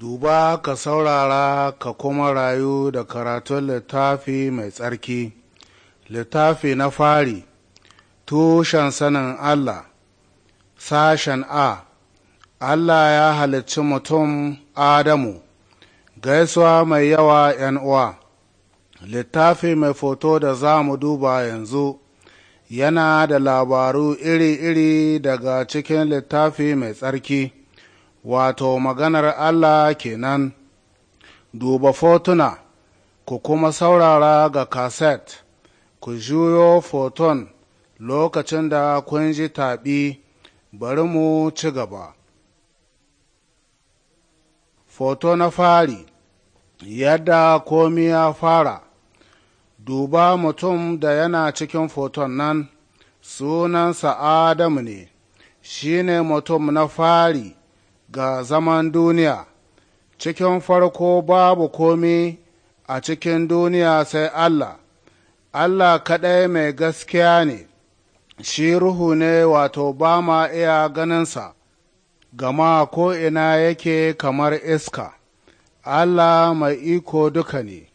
Duba ka saurara ka kuma rayu da karatun littafi mai tsarki, littafi na fari, tushen sanin Allah, sashen A, Allah ya halicci mutum Adamu, gaisuwa mai yawa ‘yan uwa, littafi mai foto da za mu duba yanzu, yana da labaru iri-iri daga cikin littafi mai tsarki. wato maganar Allah kenan duba fotuna ku kuma saurara ga kaset ku juyo foton lokacin da kun ji taɓi bari mu ci gaba foto na fari yadda komi ya fara duba mutum da yana cikin foton nan sunansa adamu ne shi ne mutum na fari ga zaman duniya cikin farko babu komi a cikin duniya sai Allah Allah kaɗai mai gaskiya ne shi ruhu ne wato ba ma iya ganinsa gama ko'ina yake kamar iska Allah mai iko duka ne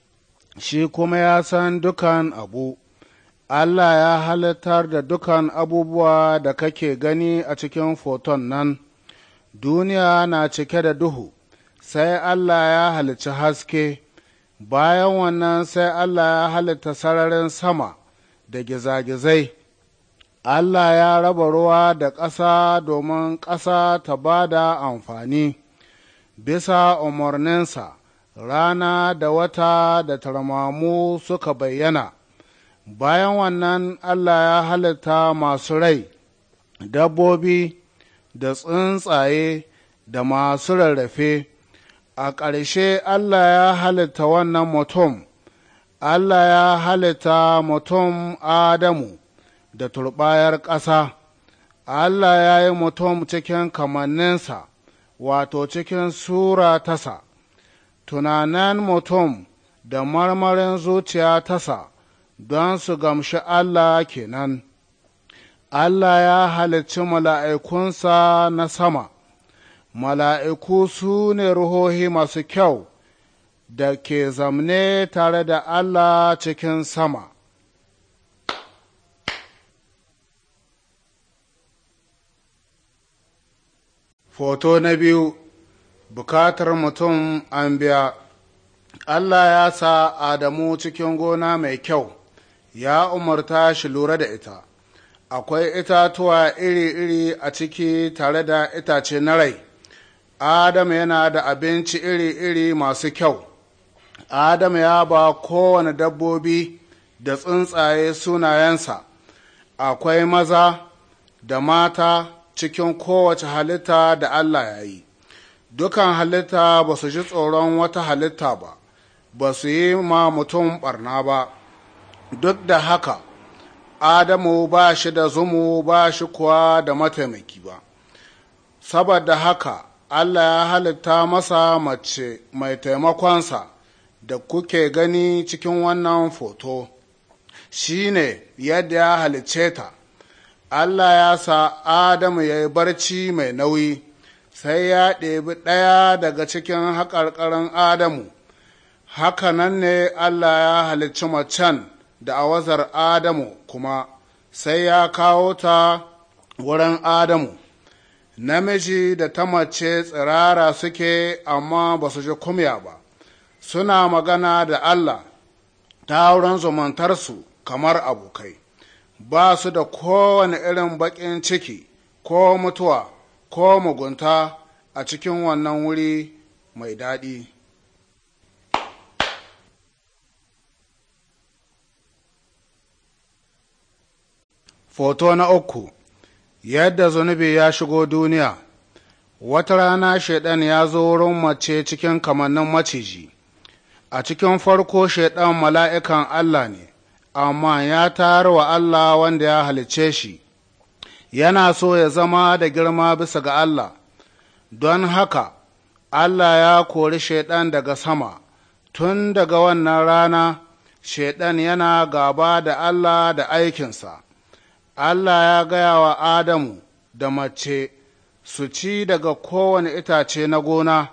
shi kuma ya san dukan abu Allah ya halittar da dukan abubuwa da kake gani a cikin foton nan, duniya na cike da duhu, sai Allah ya halici haske, bayan wannan sai Allah ya halitta sararin sama da gizagizai. Allah ya raba ruwa da ƙasa domin ƙasa ta ba da amfani, bisa umarninsa rana da wata da tarmamu suka bayyana. Bayan wannan Allah ya halitta masu rai, dabbobi, da tsuntsaye da masu rarrafe a ƙarshe Allah ya halitta wannan mutum Allah ya halitta mutum Adamu da turɓayar ƙasa Allah ya yi mutum cikin kamanninsa wato cikin sura tasa tunanin mutum da marmarin zuciya tasa don su gamshi Allah kenan. Allah ya halarci mala'ikunsa na sama, mala'iku su ne ruhohi masu kyau da ke zamne tare da Allah cikin sama. Foto na biyu Bukatar mutum an biya Allah ya sa Adamu cikin gona mai kyau, ya umarta shi lura da ita. akwai itatuwa iri-iri a ciki tare da itace na rai Adamu yana da abinci iri-iri masu kyau Adamu ya ba kowane dabbobi da tsuntsaye sunayensa akwai maza da mata cikin kowace halitta da Allah ya yi dukan halitta ba su ji tsoron wata halitta ba ba su yi ma mutum barna ba duk da haka Adamu ba shi da zumu ba shi kuwa da mataimaki ba, saboda haka Allah ya halitta masa mace mai taimakonsa da kuke gani cikin wannan foto, shi ne yadda ya halicce ta, Allah ya sa Adamu ya yi barci mai nauyi, sai ya ɗebi ɗaya daga cikin haƙarƙarin Adamu, haka nan ne Allah ya halicci macen. da awazar Adamu kuma sai ya kawo ta wurin Adamu, namiji da ta mace tsirara suke amma ba su ji kumya ba, suna magana da Allah ta wurin zumantarsu kamar abokai, ba su da kowane irin baƙin ciki ko mutuwa ko mugunta a cikin wannan wuri mai daɗi. Foto na uku, yadda zunubi ya shigo duniya, wata rana Shaiɗan ya zo wurin mace cikin kamannin maciji, a cikin farko Shaiɗan mala'ikan Allah ne, amma ya tayar wa Allah wanda ya halicce shi, yana so ya zama da girma bisa ga Allah, don haka Allah ya kori Shaiɗan daga sama, tun daga wannan rana Shaiɗan yana gaba da Allah da aikinsa. Allah ya gaya wa Adamu da mace su ci daga kowane itace na gona,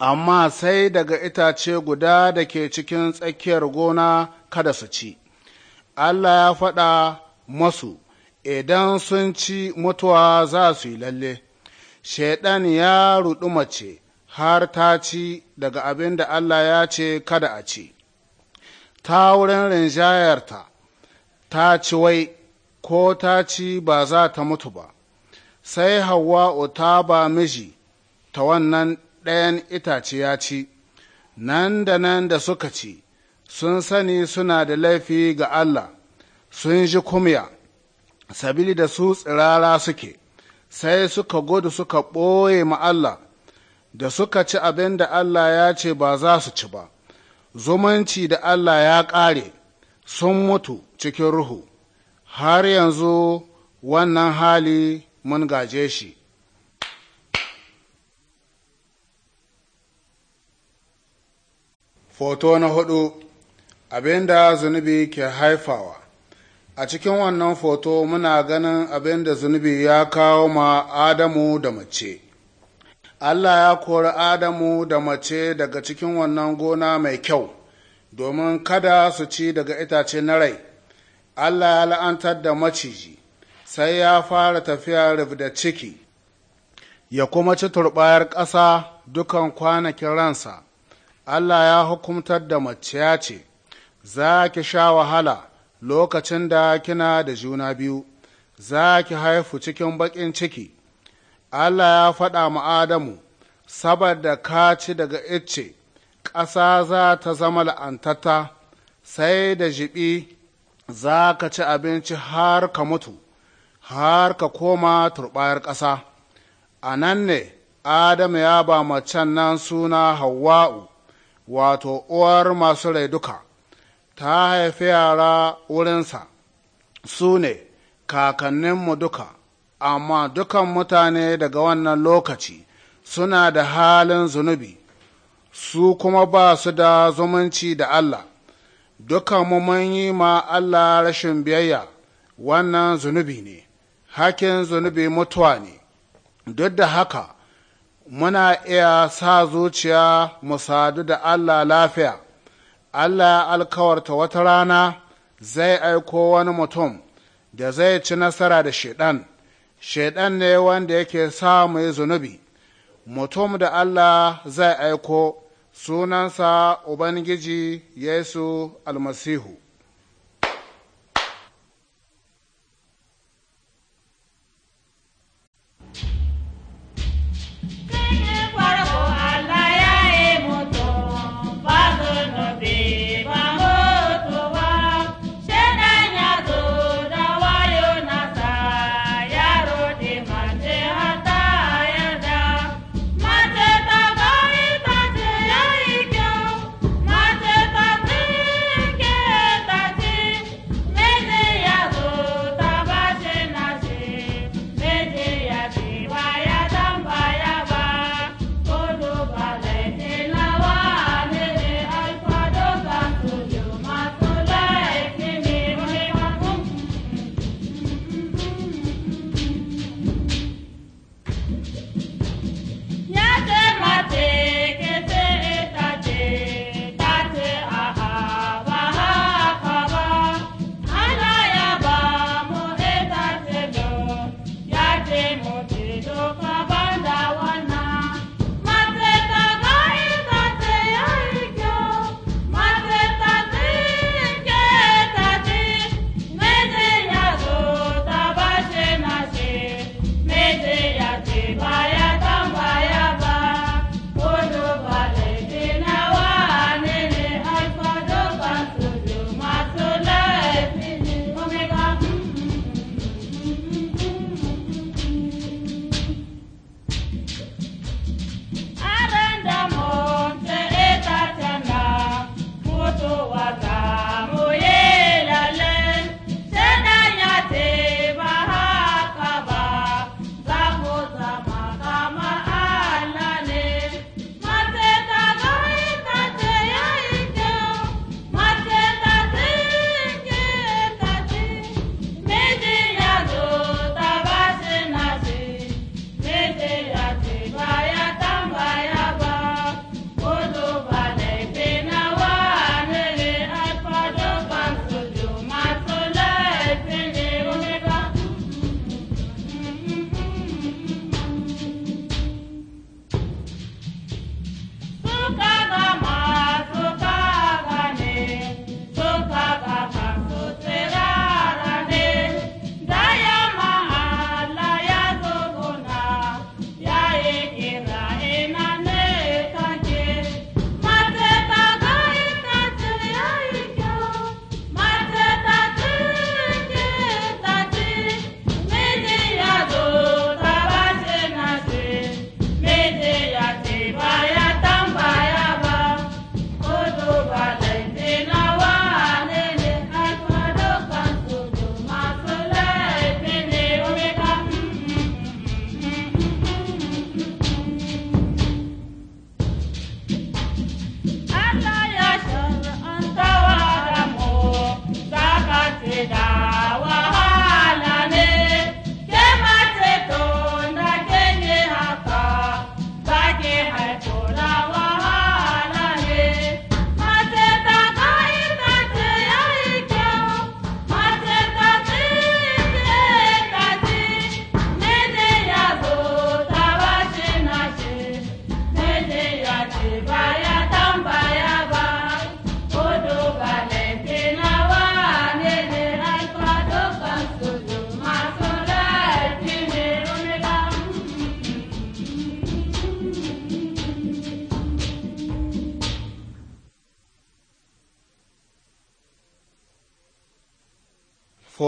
amma sai daga itace guda da ke cikin tsakiyar gona kada su ci. Allah ya faɗa masu, idan sun ci mutuwa za su yi lalle. Shaiɗan ya ruɗu mace har ta ci daga abin da Allah ya ce kada a ci, ta wurin rinjayarta, ta ci wai ko ta ci ba za ta mutu ba, sai Hawwa'u ta ba miji ta wannan ɗayan itace ya ci, nan da nan da suka ci, sun sani suna da laifi ga Allah, sun ji kumya, sabili da su tsirara suke, sai suka gudu suka ɓoye ma Allah, da suka ci abin da Allah ya ce ba za su ci ba, zumunci da Allah ya ƙare, sun mutu cikin ruhu. har yanzu wannan hali mun gaje shi. Foto na hudu abinda zunubi ke haifawa A cikin wannan foto muna ganin abin da zunubi ya kawo ma Adamu da mace. Allah ya kori Adamu da mace daga cikin wannan gona mai kyau, domin kada su ci daga itace na rai. Allah ya la'antar da maciji sai ya fara tafiya rif da ciki ya kuma ci turɓayar ƙasa dukan kwanakin ransa Allah ya hukumtar da mace ya ce za ki sha wahala lokacin da kina da juna biyu za ki haifu cikin baƙin ciki Allah ya faɗa ma Adamu saboda ka ci daga icce ƙasa za ta zama la'antata sai da jiɓi za ka ci abinci har ka mutu har ka koma turɓayar ƙasa a nan ne adamu ya ba macen nan suna hawa'u wato uwar masu rai duka ta haifi yara wurinsa su ne kakanninmu duka amma dukan mutane daga wannan lokaci suna da halin zunubi su kuma ba su da zumunci da Allah dukan mu mun yi ma Allah rashin biyayya wannan zunubi ne hakin zunubi mutuwa ne duk da haka muna iya sa zuciya mu sadu da Allah lafiya Allah ya alkawarta wata rana zai aiko wani mutum da zai ci nasara da shaidan shaidan ne wanda yake sa mu yi zunubi mutum da Allah zai aiko sunansa Ubangiji Yesu almasihu.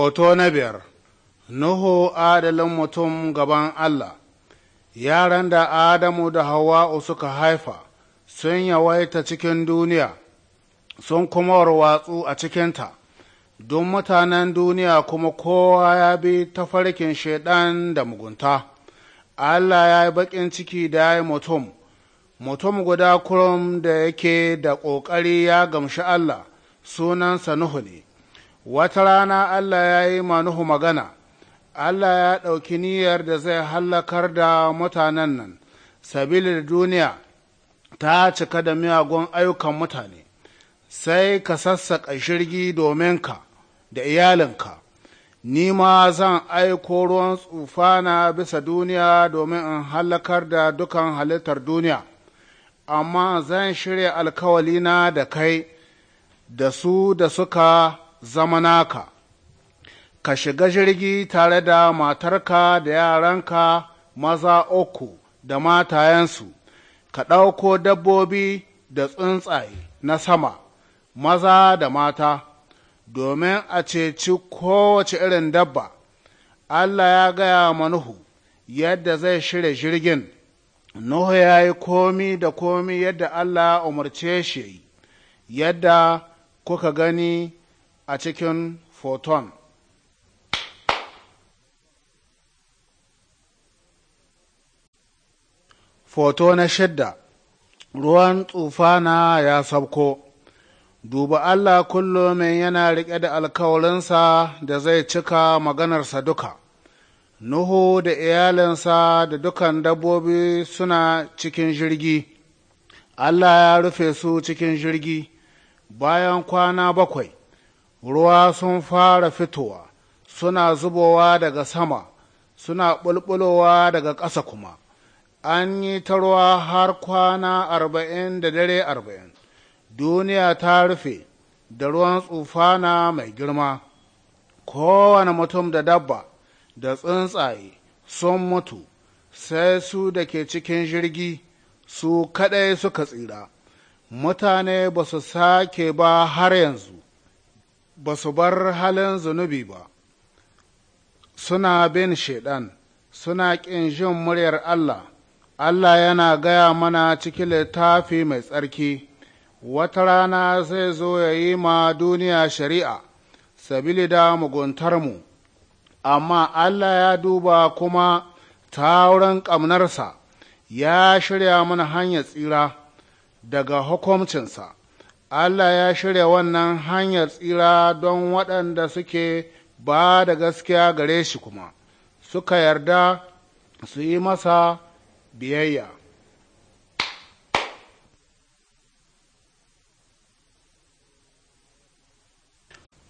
Hoto na biyar Nuhu adalin mutum gaban Allah Yaran da Adamu da Hawa'u suka haifa sun yawaita cikin duniya, sun kuma warwatsu a cikinta, don mutanen duniya kuma kowa ya bi tafarkin shaidan da mugunta. Allah ya yi baƙin ciki da ya yi mutum, mutum guda kurum da yake da ƙoƙari ya gamshi Allah, sunansa Nuhu ne. wata rana Allah ya yi manuhu magana, Allah ya ɗauki niyyar da zai hallakar da mutanen nan, sabilin duniya ta cika da miyagun ayyukan mutane, sai ka sassaƙa shirgi domin ka da iyalinka, ni ma zan aiko ruwan tsufana bisa duniya domin in hallakar da dukan halittar duniya, amma zan shirya alkawalina da kai da su da suka zama naka, ka shiga jirgi tare da matarka da yaranka maza uku da matayensu, ka ɗauko dabbobi da tsuntsaye na sama, maza da mata, domin a ceci kowace irin dabba. Allah ya gaya ma Nuhu yadda zai shirya jirgin, Nuhu ya yi komi da komi yadda Allah umarce shi, yadda kuka gani a cikin photon Foto na shidda Ruwan tsufana ya sabko Duba Allah kullum yana riƙe da alkawarinsa da zai cika maganarsa duka. Nuhu da iyalinsa da dukan dabbobi suna cikin jirgi, Allah ya rufe su cikin jirgi bayan kwana bakwai. ruwa sun fara fitowa suna zubowa daga sama suna ɓulɓulowa daga ƙasa kuma an yi ta ruwa har kwana arba'in da dare arba'in duniya ta rufe da ruwan tsufana mai girma kowane mutum da dabba da tsuntsaye sun mutu sai su da ke cikin jirgi su kaɗai suka tsira mutane ba su sake ba har yanzu ba su bar halin zunubi ba suna bin shaiɗan suna ƙin jin muryar Allah Allah yana gaya mana cikin littafi mai tsarki wata rana zai zo ya yi ma duniya shari'a sabili da muguntarmu amma Allah ya duba kuma ta wurin ƙamnarsa ya shirya mana hanyar tsira daga hukumcinsa. Allah ya shirya wannan hanyar tsira don waɗanda suke ba da gaskiya gare shi kuma, suka yarda su yi masa biyayya.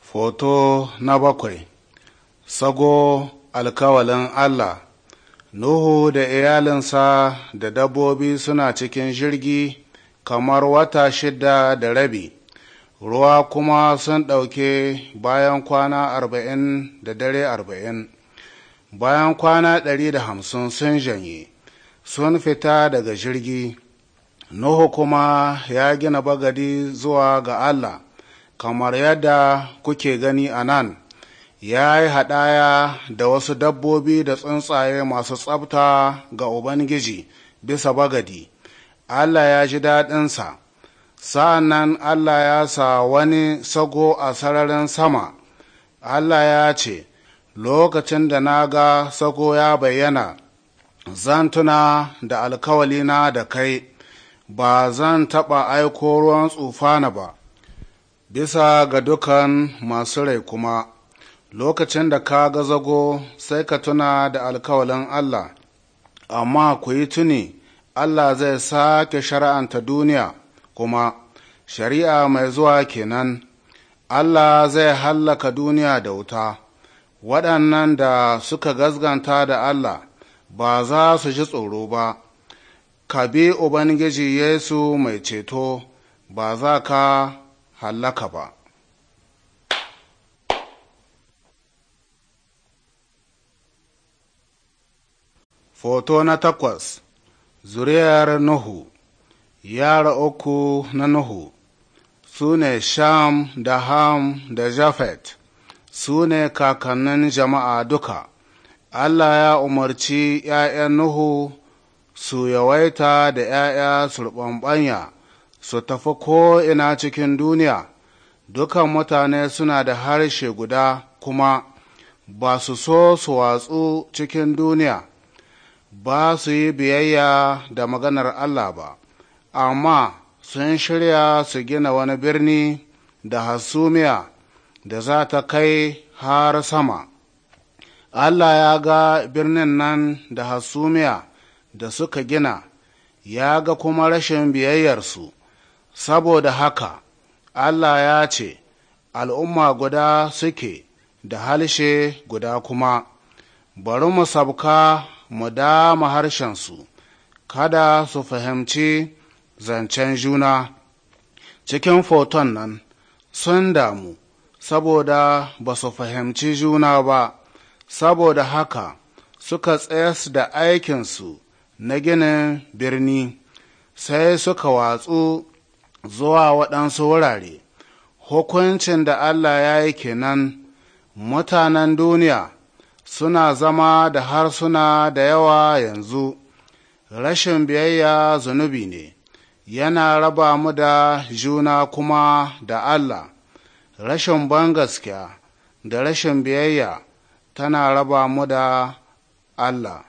Foto na bakwai Sago alkawalin Allah Nuhu da iyalinsa da dabbobi suna cikin jirgi kamar wata shida da rabi ruwa kuma sun ɗauke bayan kwana arba'in da dare arba'in bayan kwana ɗari da hamsin sun janye sun fita daga jirgi nuhu kuma ya gina bagadi zuwa ga allah kamar yadda kuke gani a nan ya yi haɗaya da wasu dabbobi da tsuntsaye masu tsabta ga ubangiji bisa bagadi Allah ya ji daɗinsa, sa'an nan Allah ya sa wani sago a sararin sama, Allah ya ce, Lokacin da na ga sago ya bayyana, zan tuna da alkawalina da kai, ba zan taɓa aiko ruwan tsufana ba, bisa ga dukan masu rai kuma, lokacin da ka ga zago sai ka tuna da alkawalin Allah, amma ku yi tuni. Allah zai sake shari'anta duniya kuma shari'a mai zuwa kenan Allah zai hallaka duniya da wuta waɗannan da suka gazganta da Allah ba za su ji tsoro ba ka bi Ubangiji Yesu mai ceto ba za ka hallaka ba Foto na takwas zuriyar Nuhu, yara uku na Nuhu, su ne Sham da Ham da japhet su ne kakannin jama'a duka. Allah ya umarci ’ya'yan Nuhu su yawaita da ’ya'ya surɓanɓanya su tafi ko'ina cikin duniya, dukan mutane suna da harshe guda kuma ba su so su watsu cikin duniya. ba su yi biyayya da maganar Allah ba, amma sun shirya su gina wani birni da hasumiya da za ta kai har sama. Allah ya ga birnin nan da hasumiya da suka gina, ya ga kuma rashin biyayyarsu, saboda haka Allah ya ce, Al'umma guda suke da halshe guda kuma, bari mu sabka mu dama harshensu kada su fahimci zancen juna cikin foton nan sun damu saboda ba su fahimci juna ba saboda haka suka tsayas da aikinsu na ginin birni sai suka watsu zuwa waɗansu wurare hukuncin da Allah ya yi kenan mutanen duniya suna zama da harsuna da yawa yanzu, rashin biyayya zunubi ne, yana raba mu da juna kuma da Allah, rashin bangaskiya da rashin biyayya tana raba mu da Allah.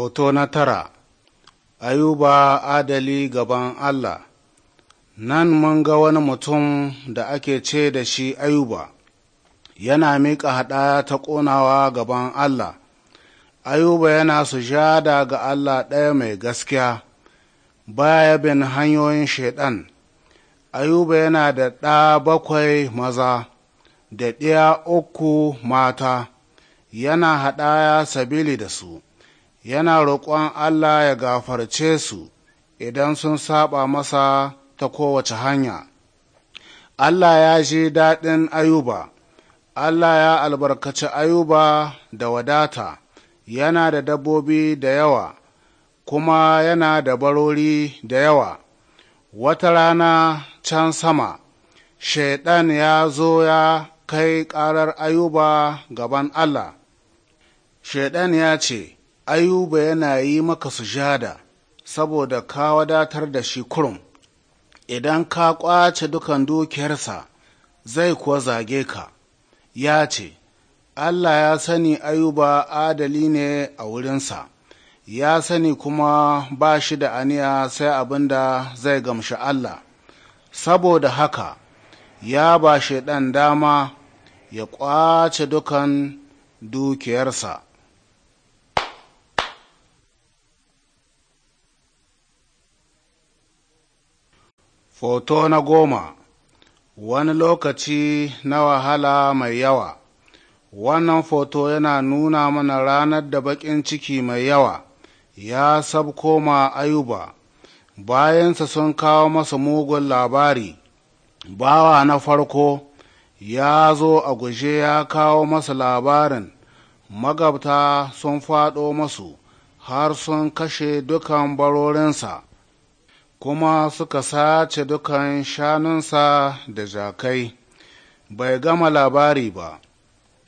Hoto na tara Ayuba adali gaban Allah Nan mun ga wani mutum da ake ce da shi Ayuba, yana miƙa haɗa ta ƙonawa gaban Allah, Ayuba yana sujada ga Allah ɗaya mai gaskiya, baya bin hanyoyin Shaiɗan. Ayuba yana da ɗa bakwai maza, da ɗiya uku mata, yana haɗaya sabili da su. yana roƙon Allah ya gafarce su idan sun saba masa ta kowace hanya. Allah ya ji daɗin Ayuba, Allah ya albarkaci Ayuba da wadata, yana da dabbobi da yawa, kuma yana da barori da yawa. Wata rana can sama, Shaiɗan ya zo ya kai ƙarar Ayuba gaban Allah. Shaiɗan ya ce, ayuba yana yi maka sujada saboda ka wadatar da shi kurum idan ka ƙwace dukan dukiyarsa zai kuwa zage ka ya ce allah ya sani ayuba adali ne a wurinsa ya sani kuma ba shi da aniya sai abin da zai gamshi allah saboda haka ya ba shi ɗan dama ya ƙwace dukan dukiyarsa Foto na goma Wani lokaci na wahala mai yawa Wannan foto yana nuna mana ranar da baƙin ciki mai yawa ya sabko ma ayuba, bayansa sun kawo masa mugun labari, bawa na farko ya zo a guje ya kawo masa labarin, magabta sun faɗo masu har sun kashe dukan barorinsa. kuma suka sace dukan shanunsa da jakai, bai gama labari ba,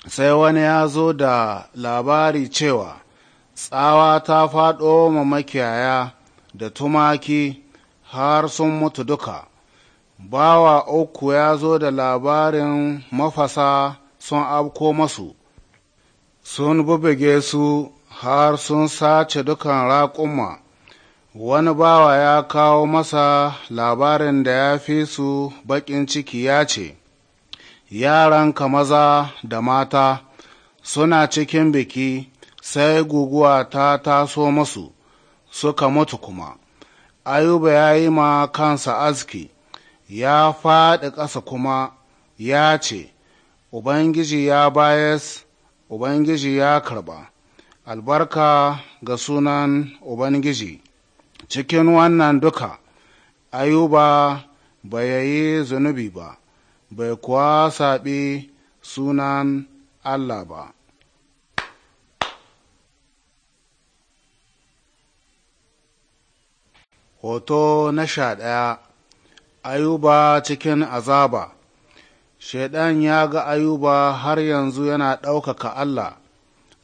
sai wani ya zo da labari cewa tsawa ta faɗo ma makiyaya da tumaki har sun mutu duka. Bawa uku ya zo da labarin mafasa sun afko masu, sun bubuge su har sun sace dukan raƙumma. wani bawa ya kawo masa labarin da ya fi su baƙin ciki ya ce, Yaranka maza da mata suna cikin biki sai guguwa ta taso masu suka mutu kuma, Ayuba ya yi ma kansa aski, ya faɗi ƙasa kuma ya ce, Ubangiji ya bayas, Ubangiji ya karɓa, albarka ga sunan Ubangiji. cikin wannan duka ayuba bai yi zunubi ba bai kuwa saɓi sunan allah ba hoto na sha ɗaya ayuba cikin azaba shaiɗan ya ga ayuba har yanzu yana ɗaukaka allah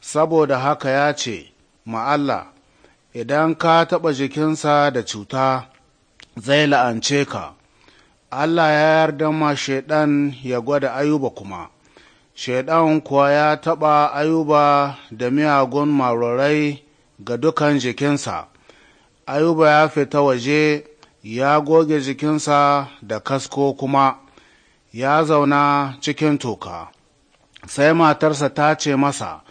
saboda haka ya ce ma allah idan ka taɓa jikinsa da cuta zai la'ance ka allah ya yarda ma shaidan ya gwada ayuba kuma shaidan kuwa ya taɓa ayuba da miyagun marorai ga dukan jikinsa ayuba ya fita waje ya goge jikinsa da kasko kuma ya zauna cikin toka sai matarsa ta ce masa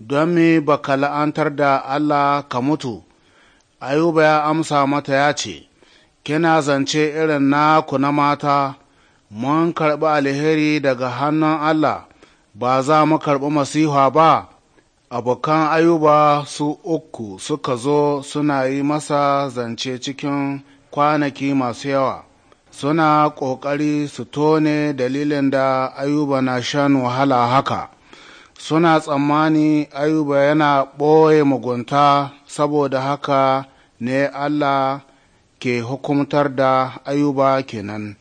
don me ka la'antar da Allah ka mutu, Ayuba ya amsa mata ya ce, Kina zance irin naku na mata, mun karɓi alheri daga hannun Allah, ba za mu karɓi masiha ba. Abokan Ayuba su uku suka zo suna yi masa zance cikin kwanaki masu yawa, suna ƙoƙari su tone dalilin da Ayuba na shan wahala haka. suna tsammani ayuba yana ɓoye mugunta saboda haka ne Allah ke hukumtar da ayuba kenan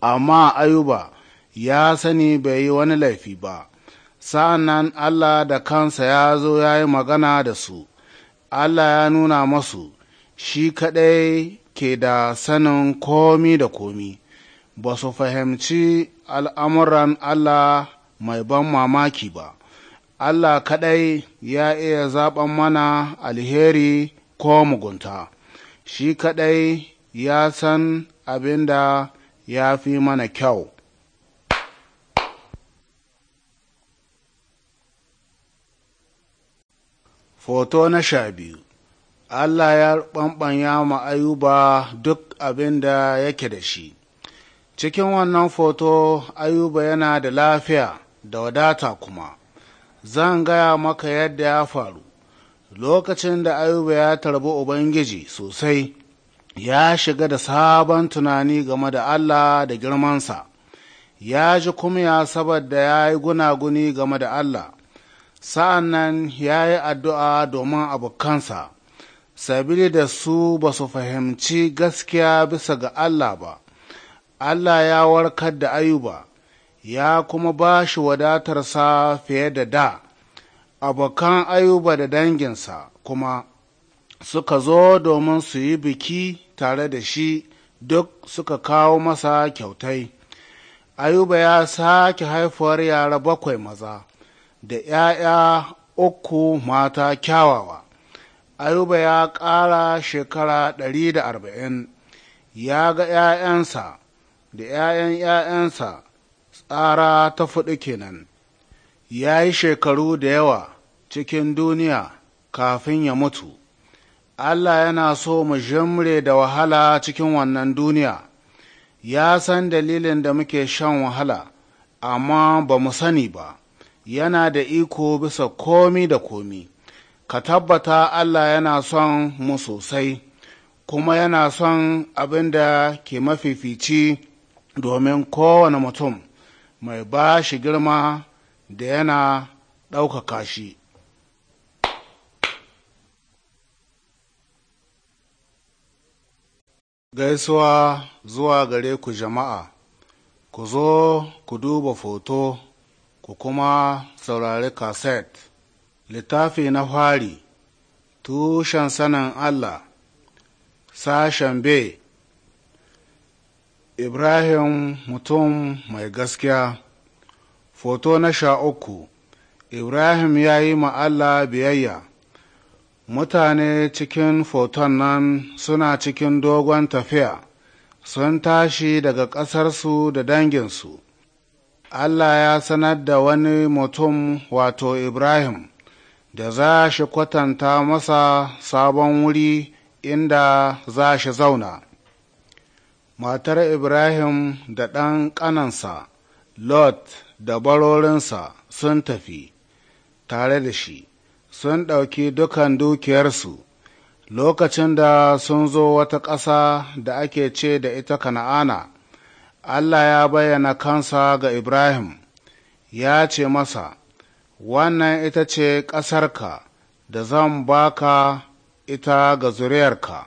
amma ayuba ya sani bai yi wani laifi ba sa'an Allah da kansa ya zo ya yi magana da su Allah ya nuna masu shi kaɗai ke da sanin komi da komi ba su fahimci al'amuran Allah mai ban mamaki ba Allah kaɗai ya iya zaɓen mana alheri ko mugunta shi kaɗai ya san abin da ya fi mana kyau Foto na sha biyu Allah ya ɓanɓanya ma Ayuba duk abin da yake da shi. Cikin wannan foto, Ayuba yana da lafiya, da wadata kuma zan gaya maka yadda ya faru lokacin da ayuba ya tarbi ubangiji sosai ya shiga da sabon tunani game da allah da girmansa ya ji kumya saboda ya yi gunaguni game da allah sa'an nan ya yi addu'a domin abokansa sabili da su ba su fahimci gaskiya bisa ga allah ba allah ya warkar da ayuba ya kuma ba shi wadatarsa fiye da da abokan ayuba da danginsa kuma suka zo domin su yi biki tare da shi duk suka kawo masa kyautai ayuba ya sake haifuwar yara bakwai maza da ‘ya'ya uku mata kyawawa ayuba ya ƙara shekara ɗari da arba'in ya ga ‘ya'yansa da ‘ya'yan ‘ya'yansa tsara ta fuɗi kenan ya yi shekaru da yawa cikin duniya kafin ya mutu allah yana so mu jimre da wahala cikin wannan duniya ya san dalilin da muke shan wahala amma ba mu sani ba yana da iko bisa komi da komi ka tabbata allah yana son mu sosai kuma yana son abin da ke mafifici domin kowane mutum mai ba shi girma da yana ɗaukaka shi gaisuwa zuwa gare ku jama'a ku zo ku duba foto ku kuma saurari kaset littafi na fari tushen sanin allah sashen b Ibrahim mutum mai gaskiya Foto na sha uku Ibrahim ya yi Allah biyayya Mutane cikin foton nan suna cikin dogon tafiya, sun tashi daga ƙasarsu da danginsu. Allah ya sanar da wani mutum wato Ibrahim, da za shi kwatanta masa sabon wuri inda za shi zauna. matar Ibrahim da ɗan ƙanansa, Lot da barorinsa sun tafi tare da shi, sun ɗauki dukan dukiyarsu, lokacin da sun zo wata ƙasa da ake ce da ita Kana'ana, Allah ya bayyana kansa ga Ibrahim, ya ce masa, Wannan ita ce ƙasarka da zan baka ita ga zuriyarka.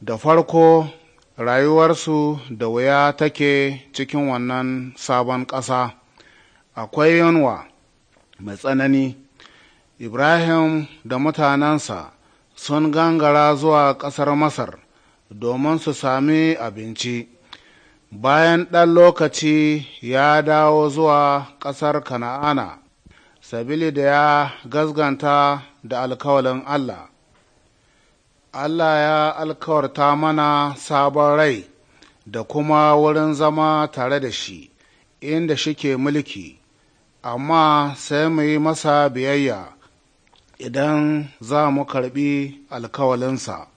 Da farko rayuwarsu da wuya take cikin wannan sabon ƙasa akwai yunwa mai tsanani ibrahim da mutanensa sun gangara zuwa ƙasar masar domin su sami abinci bayan ɗan lokaci ya dawo zuwa ƙasar kana'ana sabili da ya gazganta da alkawalin allah Allah ya alkawarta mana sabon rai da kuma wurin zama tare da shi, inda shi ke mulki, amma sai mu yi masa biyayya idan za mu karbi alkawalinsa.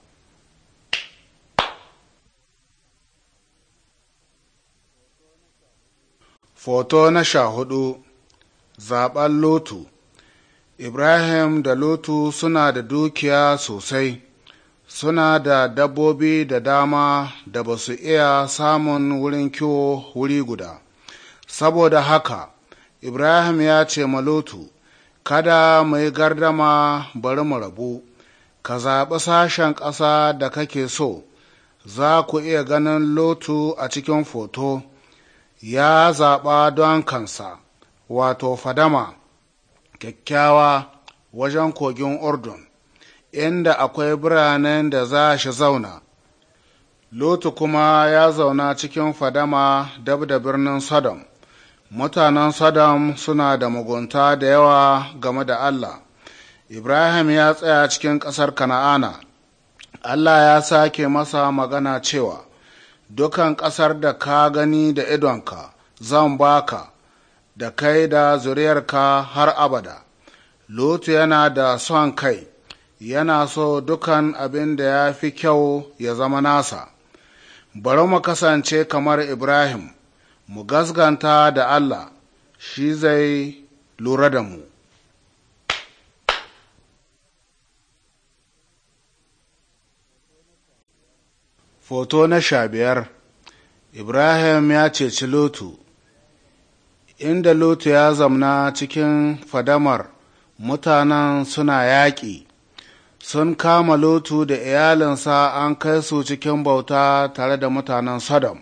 Foto na sha hudu Zaɓen Lotu Ibrahim da Lotu suna da dukiya sosai. suna da dabbobi da dama da ba su iya samun wurin kiwo wuri guda saboda haka ibrahim ya ce malutu kada mai gardama bari mu rabu ka zaɓi sashen ƙasa da kake so za ku iya ganin lotu a cikin foto ya zaɓa don kansa wato fadama kyakkyawa wajen kogin urdun inda akwai biranen da za shi zauna, Lotu kuma ya zauna cikin fadama dab da birnin Sodom, mutanen Sodom suna da mugunta da yawa game da Allah, Ibrahim ya tsaya cikin ƙasar Kana'ana, Allah ya sake masa magana cewa, Dukan ƙasar da ka gani da idonka zan baka, da kai da zuriyarka har abada, Lotu yana da son kai. yana so dukan abin da ya fi kyau ya zama nasa, bari mu kasance kamar Ibrahim, mu gasganta da Allah, shi zai lura da mu. Foto na sha biyar Ibrahim ya ceci Lutu, inda Lutu ya zamna cikin fadamar mutanen suna yaƙi. sun kama lotu da iyalinsa an kai su cikin bauta tare da mutanen Sodom.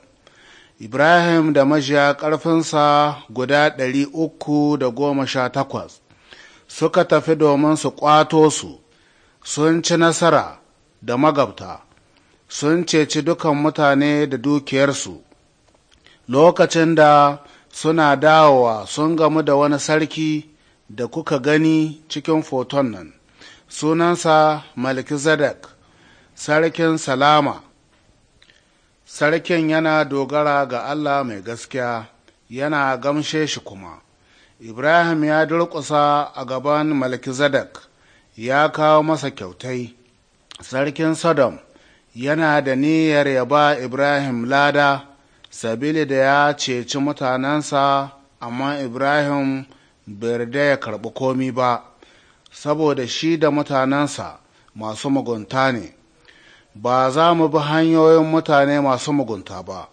Ibrahim da majiya ƙarfinsa guda ɗari uku da goma sha takwas suka tafi domin su ƙwato su, sun ci nasara da magabta, sun ceci dukan mutane da dukiyarsu. Lokacin da suna dawowa sun gamu da wani sarki da kuka gani cikin foton nan. sunansa Zadak sarkin Salama. Sarkin yana dogara ga Allah mai gaskiya, yana gamshe shi kuma. Ibrahim ya durƙusa a gaban Zadak ya kawo masa kyautai. Sarkin Sodom yana da niyyar ya ba Ibrahim lada, sabili da ya ceci mutanensa, amma Ibrahim bai ya karɓi komi ba. saboda shi da mutanensa masu mugunta ne ba za mu bi hanyoyin mutane masu mugunta ba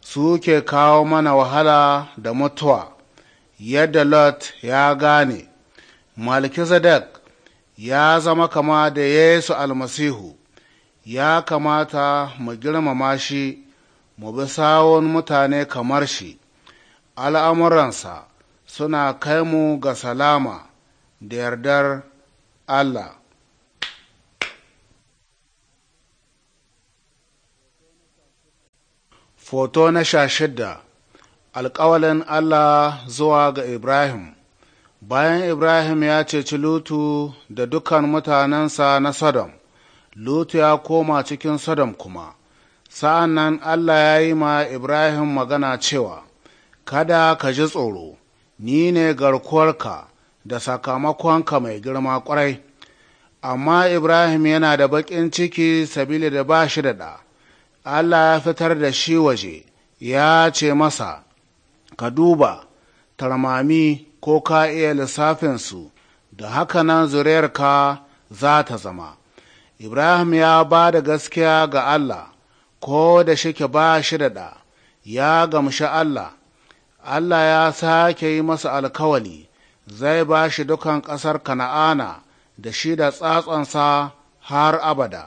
su ke kawo mana wahala da mutuwa yadda lot ya gane malkizadek ya zama kama da yesu almasihu ya kamata mu girmama shi mu bi sawon mutane kamar shi al'amuransa suna kai mu ga salama da yardar Allah Foto na sha shidda Alƙawalin Allah zuwa ga Ibrahim Bayan Ibrahim ya ceci Lutu da dukan mutanensa na Sodom, Lutu ya koma cikin Sodom kuma, sa'an nan Allah ya yi ma Ibrahim magana cewa, Kada ka ji tsoro, ni ne garkuwarka. da sakamakonka mai girma kwarai amma ibrahim yana da baƙin ciki sabili da ba shi da ɗa allah ya fitar da shi waje ya ce masa ka duba tarmami ko ka iya lissafinsu da haka nan zuriyarka za ta zama ibrahim ya ba da gaskiya ga allah ko da shike ba shi da ɗa ya gamshi allah allah ya sake yi masa alkawali zai ba shi dukan ƙasar Kana'ana da shi da tsatsonsa har abada.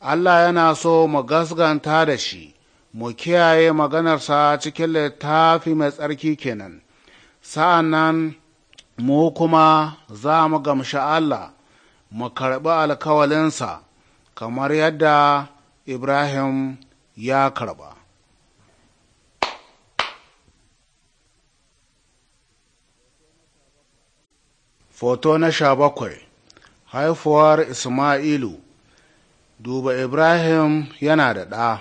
Allah yana so mu gasganta da shi, mu kiyaye maganarsa cikin littafi mai tsarki kenan, sa'an nan mu kuma za mu gamshi Allah, mu karɓi alkawalinsa, kamar yadda Ibrahim ya karɓa. Foto na sha bakwai Haifuwar Isma'ilu Duba Ibrahim yana da ɗa.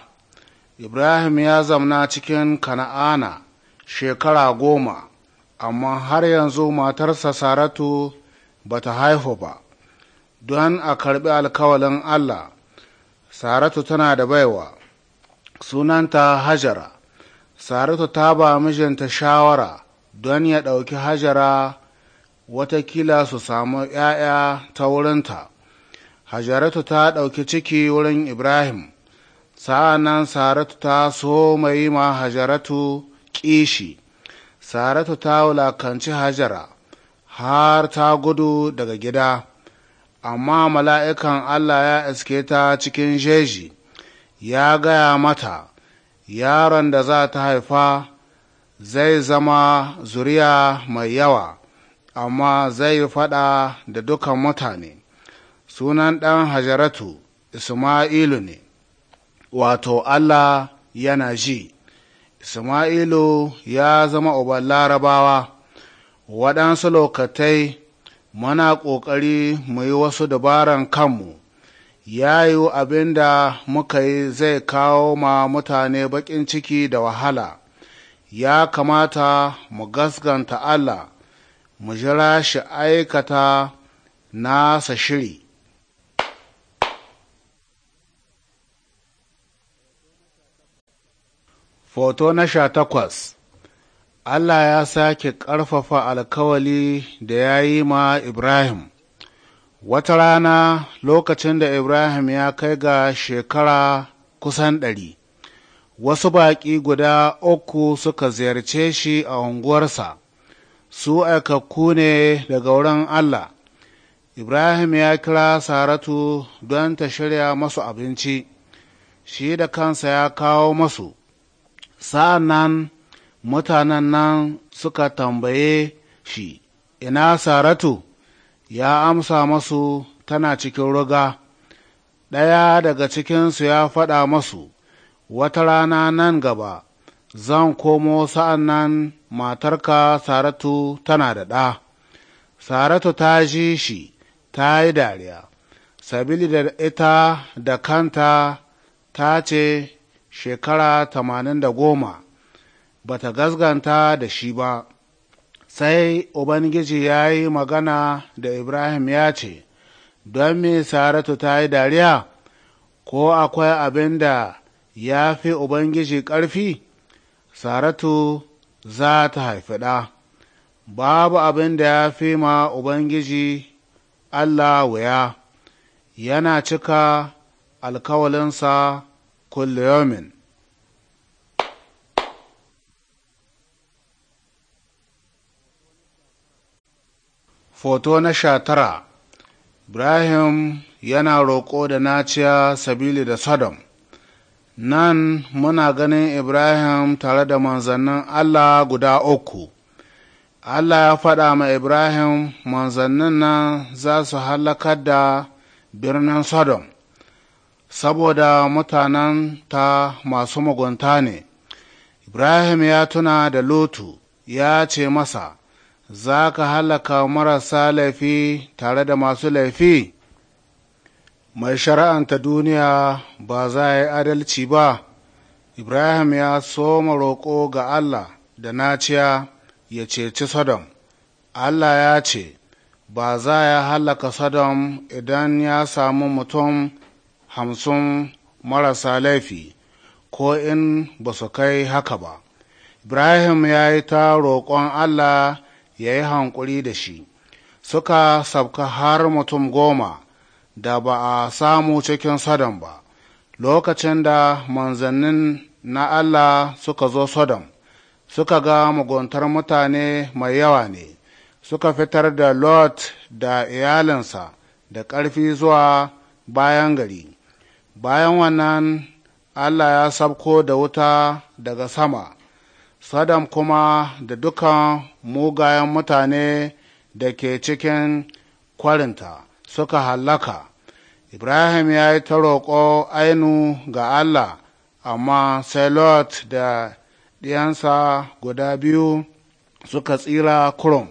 Ibrahim ya zamna cikin Kana'ana shekara goma, amma har yanzu matarsa Saratu ba ta haihu ba, don a karɓi alkawalin Allah. Saratu tana da baiwa, sunanta Hajara. Saratu ta ba mijinta shawara don ya ɗauki Hajara watakila su samu ‘ya'ya ta wurinta. Hajaratu ta ɗauki ciki wurin Ibrahim, sa'an Saratu ta so mai ma Hajaratu ƙishi, Saratu ta wulakanci Hajara har ta gudu daga gida, amma mala'ikan Allah ya iske ta cikin jeji, ya gaya mata, yaron da za ta haifa zai zama zuriya mai yawa. amma zai yi faɗa da dukan mutane sunan ɗan hajaratu isma'ilu ne wato allah yana ji isma'ilu ya zama uban larabawa waɗansu lokatai muna ƙoƙari mu yi wasu dabaran kanmu ya yi abin da muka yi zai kawo ma mutane baƙin ciki da wahala ya kamata mu gasganta allah mu jira shi aikata nasa shiri Foto na sha takwas Allah ya sake ƙarfafa alkawali da ya yi ma Ibrahim. Wata rana lokacin da Ibrahim ya kai ga shekara kusan ɗari, wasu baƙi guda uku suka ziyarce shi a unguwarsa. su aikakku ne daga wurin Allah. Ibrahim ya kira Saratu don ta shirya masu abinci, shi da kansa ya kawo masu. Sa'an nan mutanen nan suka tambaye shi, Ina Saratu ya amsa masu tana cikin ruga, ɗaya daga cikinsu ya faɗa masu, Wata rana nan gaba, zan komo sa'an nan matarka saratu tana da ɗa saratu ta ji shi ta yi dariya sabili da ita da kanta ta ce shekara tamanin da goma ba ta gasganta da shi ba sai ubangiji ya yi magana da ibrahim ya ce don me saratu ta yi dariya ko akwai abin da ya fi ubangiji ƙarfi saratu za ta haifi ɗa babu abin da ya fi ma ubangiji allah wuya yana cika alkawalinsa kulliyomin Foto na sha tara Ibrahim yana roƙo da naciya sabili da Sodom nan muna ganin ibrahim tare da manzannin allah guda uku allah ya faɗa ma ibrahim manzannin nan za su halakar da birnin sodom saboda mutanen ta masu mugunta ne ibrahim ya tuna da lotu ya ce masa za ka halaka marasa laifi tare da masu laifi mai shari'anta duniya ba za a yi adalci ba ibrahim ya soma roƙo ga allah da naciya ya ceci sodom allah ya ce ba za ya hallaka sodom idan ya samu mutum hamsin marasa laifi ko in ba su kai haka ba ibrahim ya yi ta roƙon allah ya yi hankuri da shi suka sabka har mutum goma da ba a samu cikin Sodom ba, lokacin da manzannin na Allah suka zo Sodom, suka ga muguntar mutane mai yawa ne, suka fitar da Lot da iyalinsa da ƙarfi zuwa bayan gari. Bayan wannan Allah ya sabko da wuta daga sama, Sodom kuma da dukan mugayen mutane da ke cikin kwarinta suka hallaka. ibrahim ya yi ta roƙo ainu ga allah amma sai lot da ɗiyansa guda biyu suka tsira kurum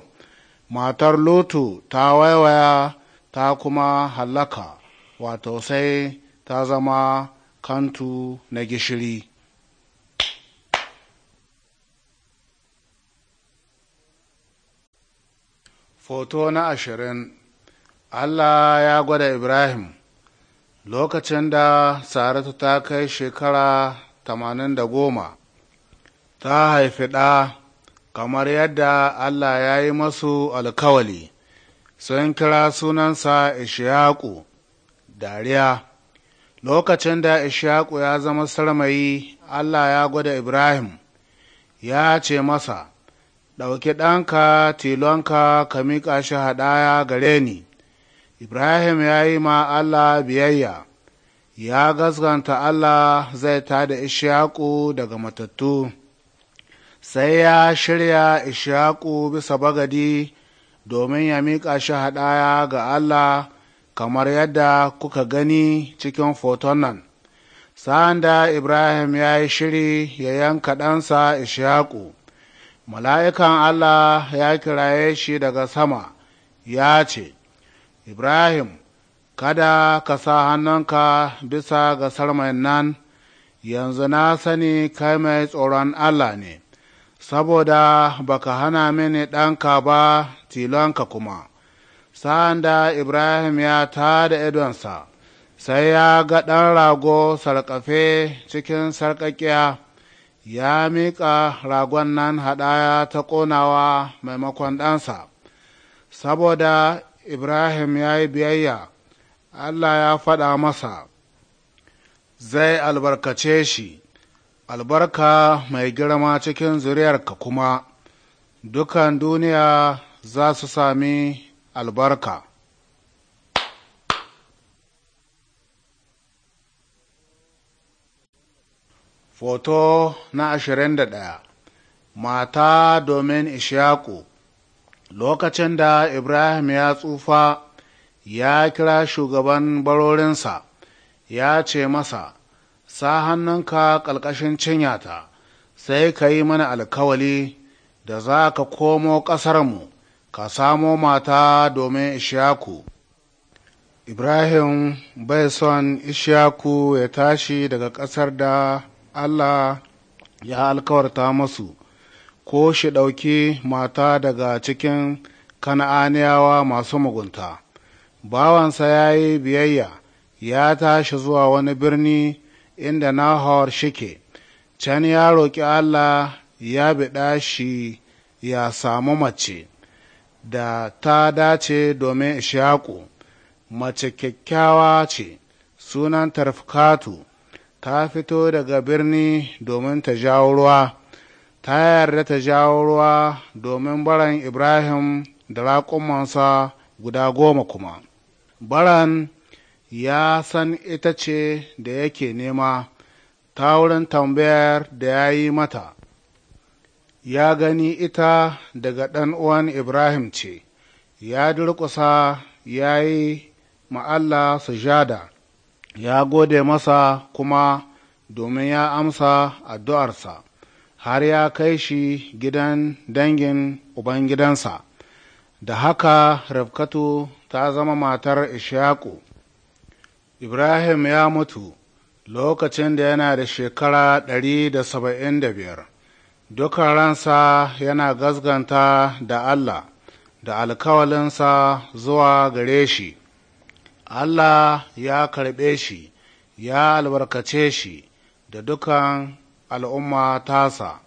matar lutu ta waiwaya ta kuma hallaka wato sai ta zama kantu na gishiri foto na ashirin allah ya gwada ibrahim lokacin da saratu ta kai shekara tamanin da goma ta haifi ɗa kamar yadda allah ya yi masu alkawali sun kira sunansa ishaku dariya lokacin da ishaku ya zama sarmayi allah ya gwada ibrahim ya ce masa ɗauki ɗanka tilonka ka miƙa shi haɗaya gare ni Ibrahim ya yi ma Allah biyayya, ya gaskanta Allah zai ta da Ishaku daga matattu, sai ya shirya Ishaku bisa bagadi domin ya miƙa shi haɗaya ga Allah kamar yadda kuka gani cikin foton nan. Sanda Ibrahim ya yi shiri ya yanka ɗansa Ishaku, mala'ikan Allah ya kiraye shi daga sama, ya ce, Ibrahim, kada ka sa hannunka bisa ga mai nan, yanzu na sani kai mai tsoron Allah ne, saboda baka hana mini ɗanka ba tilonka kuma. Sa'an da Ibrahim ya ta da idonsa, sai ya ga ɗan rago sarƙafe cikin sarƙaƙiya, ya miƙa ragon nan haɗaya ta ƙonawa maimakon ɗansa. saboda Ibrahim ya yi biyayya, Allah ya faɗa masa, zai albarkace shi, albarka mai girma cikin zuriyarka kuma, dukan duniya za su sami albarka. Foto na ashirin da ɗaya Mata domin Ishaku lokacin da ibrahim ya tsufa ya kira shugaban barorinsa ya ce masa sa hannunka ƙalƙashin ta, sai ka yi mana alkawali da za ka komo ƙasarmu ka samo mata domin ishaku ibrahim bai son ishaku ya tashi daga ƙasar da allah ya alkawarta masu ko shi ɗauki mata daga cikin kana'aniyawa masu mugunta bawansa ya yi biyayya ya tashi zuwa wani birni inda nahor shike can ya roƙi allah ya biɗa shi ya samu mace da ta dace domin ishaku mace kyakkyawa ce sunan tarfikatu ta fito daga birni domin ta jawo ruwa ta yarda ta jawo ruwa domin baran Ibrahim da raƙumansa guda goma kuma. Baran ya san ita ce da yake nema ta wurin tambayar da ya yi mata, ya gani ita daga ɗan uwan Ibrahim ce, ya durƙusa ya yi ma'alla sujada, ya gode masa kuma domin ya amsa addu'arsa. har ya kai shi gidan dangin ubangidansa da haka rabkatu ta zama matar ishaku ibrahim ya mutu lokacin da yana da shekara ɗari da saba'in da biyar dukan ransa yana gazganta da allah da alkawalinsa zuwa gare shi allah ya karɓe shi ya albarkace shi da dukan al'umma tasa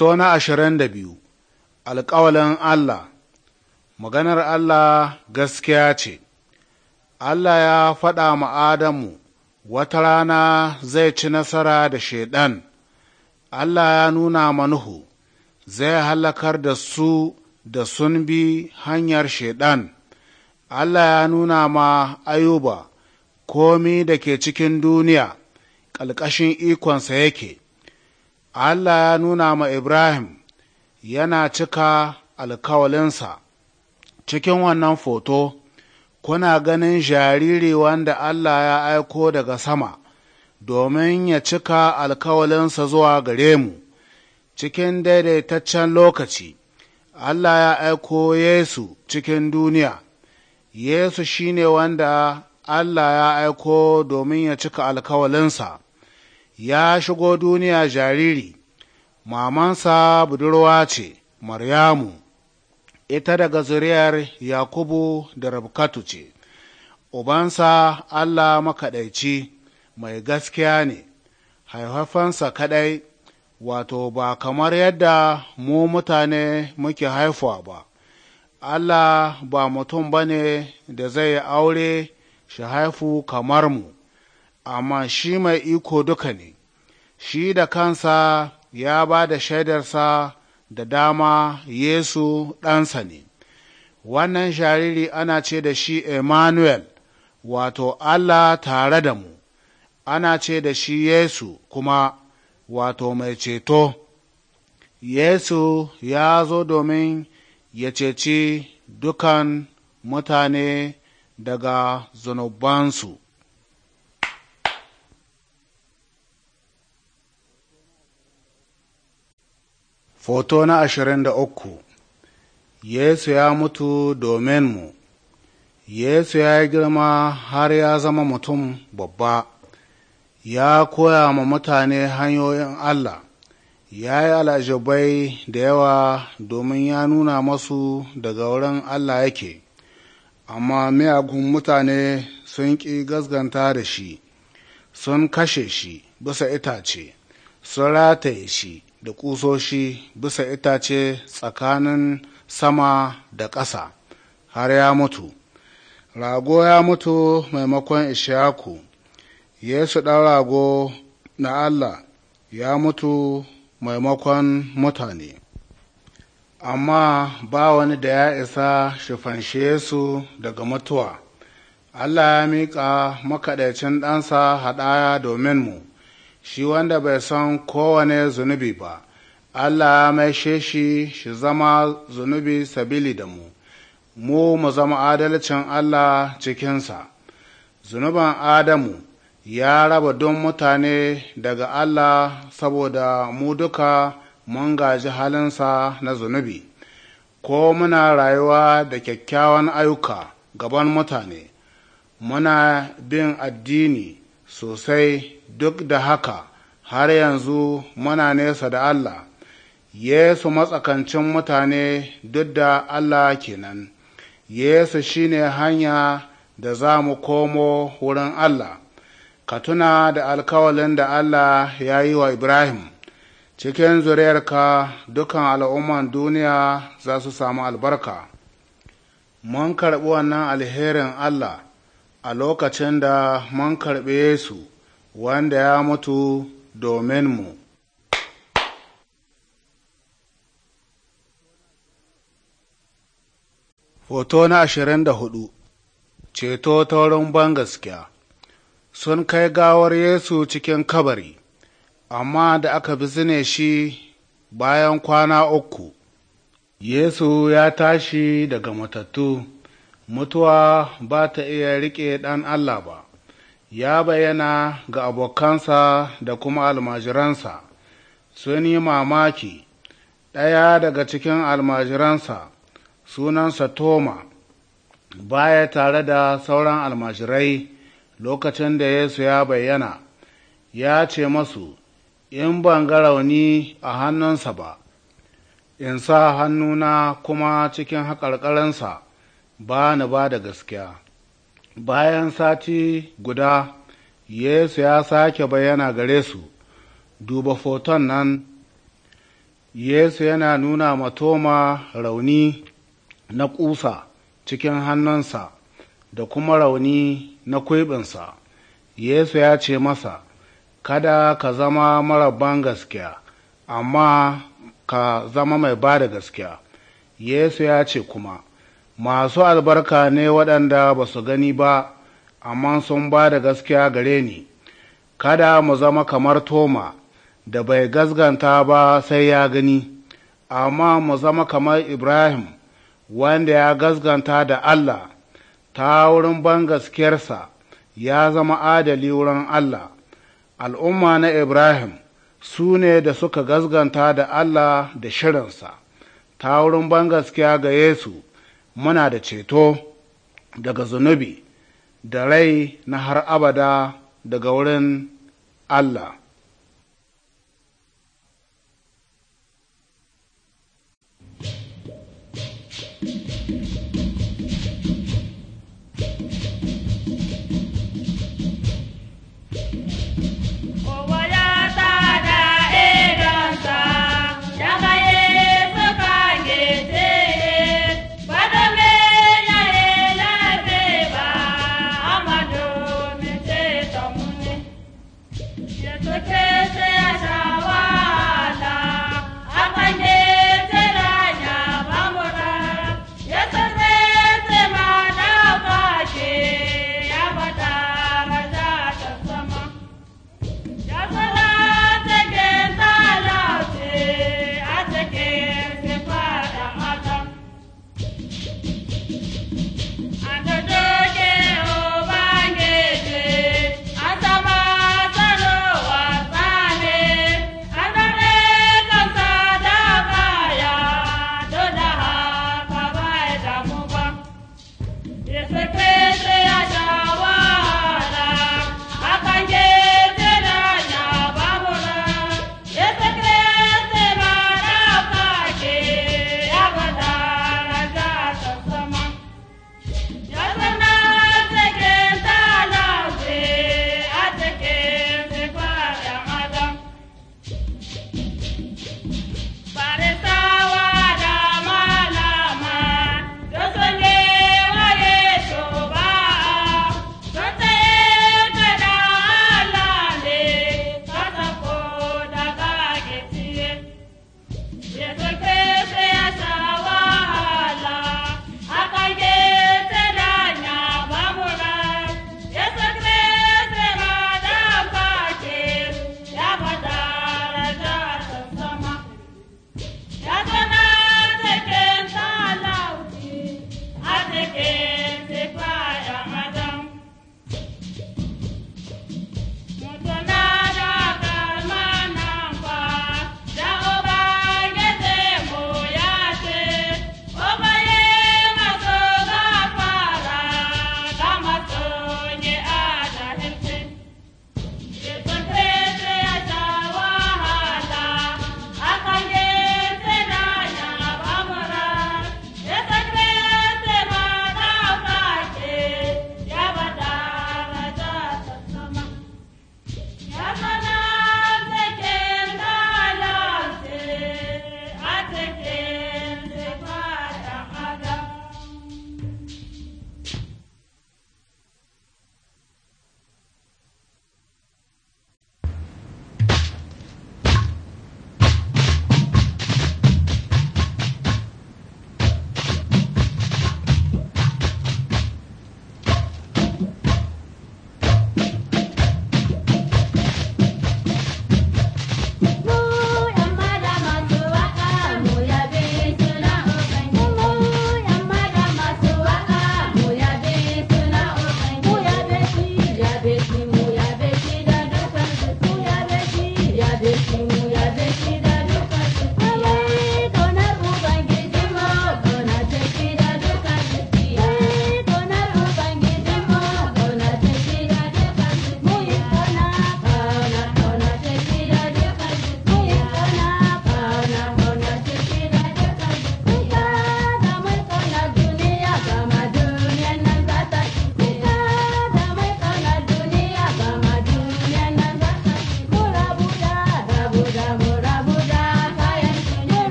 Hoto na ashirin da biyu Alƙawalin Allah Maganar Allah gaskiya ce, Allah ya faɗa ma Adamu, wata rana zai ci nasara da Shaiɗan, Allah ya nuna manuhu, zai halakar da su da sun bi hanyar Shaiɗan, Allah ya nuna ma Ayuba, komi da ke cikin duniya, ƙalƙashin ikonsa yake. Allah ya nuna ma Ibrahim yana cika alkawalinsa cikin wannan foto kuna ganin jariri wanda Allah ya aiko daga sama domin ya cika alkawalinsa zuwa gare mu cikin daidaitaccen lokaci Allah ya aiko Yesu cikin duniya Yesu shine wanda Allah ya aiko domin ya cika alkawalinsa. ya shigo duniya jariri mamansa budurwa ce maryamu ita daga zuriyar yakubu da rabkatu ce ubansa allah makaɗaici mai gaskiya ne haifafansa kaɗai wato ba kamar yadda mu mutane muke haifuwa ba allah ba mutum ba ne da zai aure shi haifu kamar mu amma shi mai iko duka ne, shi da kansa ya ba da shaidarsa da dama Yesu ɗansa ne. Wannan jariri ana ce da shi Emmanuel, wato Allah tare da mu, ana ce da shi Yesu kuma wato mai ceto. Yesu ya zo domin ya ceci dukan mutane daga zunubansu. Foto na ashirin da uku Yesu ya mutu domin mu Yesu ya yi girma har ya zama mutum babba, ya koya ma mutane hanyoyin Allah, ya yi alajabai da yawa domin ya nuna masu daga wurin Allah yake, amma miyagun mutane sun ƙi gasganta da shi, sun kashe shi bisa itace, sun rataye shi. da ƙusoshi bisa itace tsakanin sama da ƙasa har ya mutu rago ya mutu maimakon ishaku yesu ɗan rago na allah ya mutu maimakon mutane amma ba wani da ya isa shi fanshe su daga mutuwa allah ya miƙa makaɗaicin ɗansa haɗaya domin mu shi wanda bai san kowane zunubi ba allah mai shi shi zama zunubi sabili da mu mu mu zama adalcin allah cikinsa zunuban adamu ya raba don mutane daga allah saboda mu duka mun gaji halinsa na zunubi ko muna rayuwa da kyakkyawan ayuka gaban mutane muna bin addini sosai duk da haka har yanzu muna nesa da Allah, Yesu matsakancin mutane duk da Allah kenan, Yesu shi ne hanya da za mu komo wurin Allah, ka tuna da alkawalin da Allah ya yi wa Ibrahim, cikin zuriyarka dukan al'umman duniya za su samu albarka. Mun karɓi wannan alherin Allah a lokacin da mun karɓe Yesu. wanda ya mutu domin mu. Hoto na ashirin da hudu Ceto ta wurin ban gaskiya Sun kai gawar Yesu cikin kabari, amma da aka bizine shi bayan kwana uku. Yesu ya tashi daga matattu, mutuwa ba ta iya riƙe ɗan Allah ba. ya bayyana ga abokansa da kuma almajiransa sun yi mamaki ɗaya daga cikin almajiransa sunansa toma baya tare da sauran almajirai lokacin da yesu ya bayyana ya ce masu in ban ga rauni a hannunsa ba in sa hannuna kuma cikin haƙarƙarinsa ba ni ba da gaskiya bayan sati guda yesu ya sake bayyana gare su duba foton nan yesu yana nuna matoma rauni na ƙusa cikin hannunsa da kuma rauni na kwibinsa yesu ya ce masa kada ka zama mara ban gaskiya amma ka zama mai ba da gaskiya yesu ya ce kuma masu albarka ne waɗanda ba su gani ba amma sun ba da gaskiya gare ni kada mu zama kamar toma da bai gasganta ba sai ya gani amma mu zama kamar ibrahim wanda ya gasganta da allah ta wurin ban gaskiyarsa ya zama adali wurin allah al'umma na ibrahim su ne da suka gasganta da allah da shirinsa ta wurin ban gaskiya ga yesu muna da ceto daga zunubi da rai na har abada daga wurin Allah.